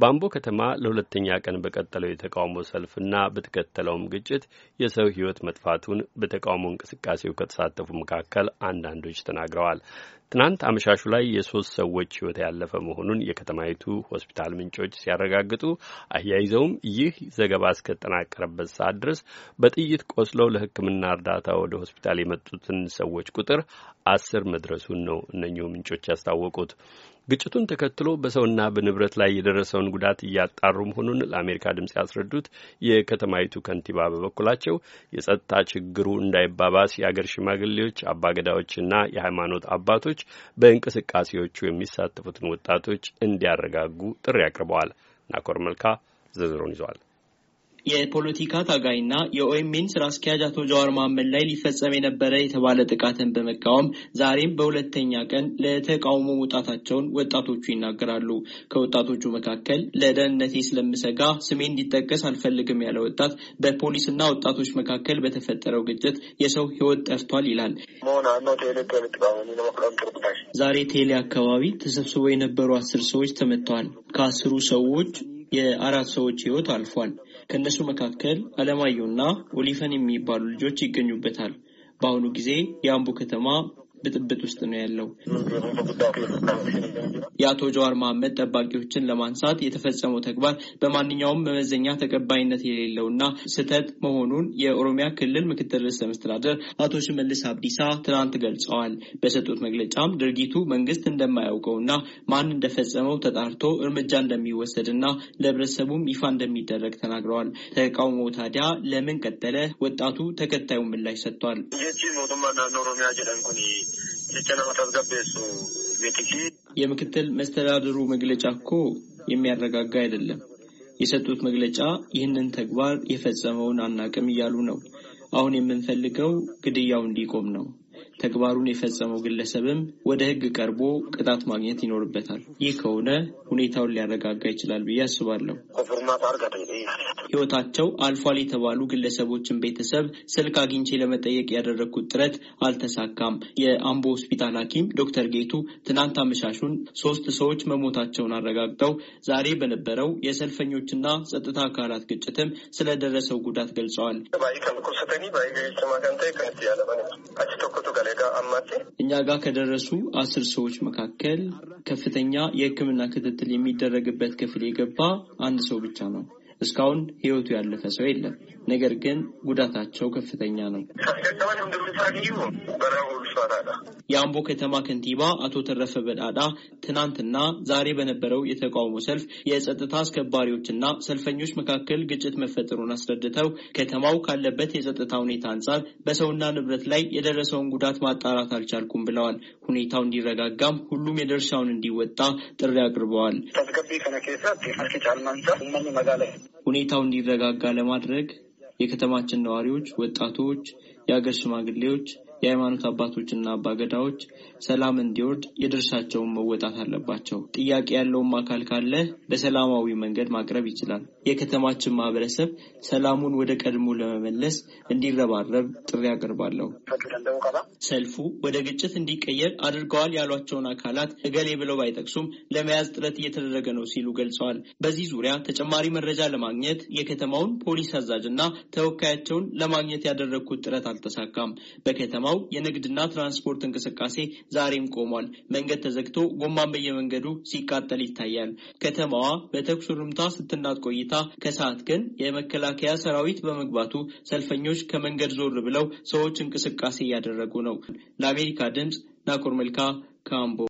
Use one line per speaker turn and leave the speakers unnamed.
በአምቦ ከተማ ለሁለተኛ ቀን በቀጠለው የተቃውሞ ሰልፍና በተከተለውም ግጭት የሰው ሕይወት መጥፋቱን በተቃውሞ እንቅስቃሴው ከተሳተፉ መካከል አንዳንዶች ተናግረዋል። ትናንት አመሻሹ ላይ የሶስት ሰዎች ህይወት ያለፈ መሆኑን የከተማይቱ ሆስፒታል ምንጮች ሲያረጋግጡ አያይዘውም ይህ ዘገባ እስከጠናቀረበት ሰዓት ድረስ በጥይት ቆስለው ለሕክምና እርዳታ ወደ ሆስፒታል የመጡትን ሰዎች ቁጥር አስር መድረሱን ነው እነኚሁ ምንጮች ያስታወቁት። ግጭቱን ተከትሎ በሰውና በንብረት ላይ የደረሰውን ጉዳት እያጣሩ መሆኑን ለአሜሪካ ድምፅ ያስረዱት የከተማይቱ ከንቲባ በበኩላቸው የጸጥታ ችግሩ እንዳይባባስ የአገር ሽማግሌዎች፣ አባገዳዎችና የሃይማኖት አባቶች በእንቅስቃሴዎቹ የሚሳተፉትን ወጣቶች እንዲያረጋጉ ጥሪ አቅርበዋል። ናኮር መልካ ዝርዝሩን ይዟል።
የፖለቲካ ታጋይና የኦኤምኤን ስራ አስኪያጅ አቶ ጀዋር መሐመድ ላይ ሊፈጸም የነበረ የተባለ ጥቃትን በመቃወም ዛሬም በሁለተኛ ቀን ለተቃውሞ መውጣታቸውን ወጣቶቹ ይናገራሉ። ከወጣቶቹ መካከል ለደህንነቴ ስለምሰጋ ስሜ እንዲጠቀስ አልፈልግም ያለ ወጣት በፖሊስና ወጣቶች መካከል በተፈጠረው ግጭት የሰው ህይወት ጠፍቷል ይላል። ዛሬ ቴሌ አካባቢ ተሰብስበው የነበሩ አስር ሰዎች ተመተዋል። ከአስሩ ሰዎች የአራት ሰዎች ህይወት አልፏል። ከእነሱ መካከል አለማየሁና ኦሊፈን የሚባሉ ልጆች ይገኙበታል። በአሁኑ ጊዜ የአምቦ ከተማ ብጥብጥ ውስጥ ነው ያለው። የአቶ ጀዋር መሐመድ ጠባቂዎችን ለማንሳት የተፈጸመው ተግባር በማንኛውም መመዘኛ ተቀባይነት እና ስህተት መሆኑን የኦሮሚያ ክልል ምክትል ርዕሰ መስተዳደር አቶ ሽመልስ አብዲሳ ትናንት ገልጸዋል። በሰጡት መግለጫም ድርጊቱ መንግስት እንደማያውቀው እና ማን እንደፈጸመው ተጣርቶ እርምጃ እንደሚወሰድ እና ለህብረተሰቡም ይፋ እንደሚደረግ ተናግረዋል። ተቃውሞ ታዲያ ለምን ቀጠለ? ወጣቱ ተከታዩን ምላሽ ሰጥቷል። የምክትል መስተዳድሩ መግለጫ እኮ የሚያረጋጋ አይደለም። የሰጡት መግለጫ ይህንን ተግባር የፈጸመውን አናቅም እያሉ ነው። አሁን የምንፈልገው ግድያው እንዲቆም ነው። ተግባሩን የፈጸመው ግለሰብም ወደ ህግ ቀርቦ ቅጣት ማግኘት ይኖርበታል። ይህ ከሆነ ሁኔታውን ሊያረጋጋ ይችላል ብዬ አስባለሁ። ህይወታቸው አልፏል የተባሉ ግለሰቦችን ቤተሰብ ስልክ አግኝቼ ለመጠየቅ ያደረግኩት ጥረት አልተሳካም። የአምቦ ሆስፒታል ሐኪም ዶክተር ጌቱ ትናንት አመሻሹን ሶስት ሰዎች መሞታቸውን አረጋግጠው ዛሬ በነበረው የሰልፈኞችና ጸጥታ አካላት ግጭትም ስለደረሰው ጉዳት ገልጸዋል። ጋር እኛ ጋር ከደረሱ አስር ሰዎች መካከል ከፍተኛ የሕክምና ክትትል የሚደረግበት ክፍል የገባ አንድ ሰው ብቻ ነው። እስካሁን ህይወቱ ያለፈ ሰው የለም። ነገር ግን ጉዳታቸው ከፍተኛ ነው። የአምቦ ከተማ ከንቲባ አቶ ተረፈ በዳዳ ትናንትና ዛሬ በነበረው የተቃውሞ ሰልፍ የጸጥታ አስከባሪዎችና ሰልፈኞች መካከል ግጭት መፈጠሩን አስረድተው ከተማው ካለበት የጸጥታ ሁኔታ አንጻር በሰውና ንብረት ላይ የደረሰውን ጉዳት ማጣራት አልቻልኩም ብለዋል። ሁኔታው እንዲረጋጋም ሁሉም የድርሻውን እንዲወጣ ጥሪ አቅርበዋል። ሁኔታው እንዲረጋጋ ለማድረግ የከተማችን ነዋሪዎች፣ ወጣቶች፣ የአገር ሽማግሌዎች የሃይማኖት አባቶችና አባገዳዎች ሰላም እንዲወርድ የድርሻቸውን መወጣት አለባቸው። ጥያቄ ያለውም አካል ካለ በሰላማዊ መንገድ ማቅረብ ይችላል። የከተማችን ማህበረሰብ ሰላሙን ወደ ቀድሞ ለመመለስ እንዲረባረብ ጥሪ አቀርባለሁ። ሰልፉ ወደ ግጭት እንዲቀየር አድርገዋል ያሏቸውን አካላት እገሌ ብለው ባይጠቅሱም ለመያዝ ጥረት እየተደረገ ነው ሲሉ ገልጸዋል። በዚህ ዙሪያ ተጨማሪ መረጃ ለማግኘት የከተማውን ፖሊስ አዛዥ እና ተወካያቸውን ለማግኘት ያደረግኩት ጥረት አልተሳካም። በከተማው የከተማው የንግድና ትራንስፖርት እንቅስቃሴ ዛሬም ቆሟል። መንገድ ተዘግቶ ጎማን በየመንገዱ ሲቃጠል ይታያል። ከተማዋ በተኩስ ሩምታ ስትናጥ ቆይታ ከሰዓት ግን የመከላከያ ሰራዊት በመግባቱ ሰልፈኞች ከመንገድ ዞር ብለው ሰዎች እንቅስቃሴ እያደረጉ ነው። ለአሜሪካ ድምፅ ናኮር መልካ ካምቦ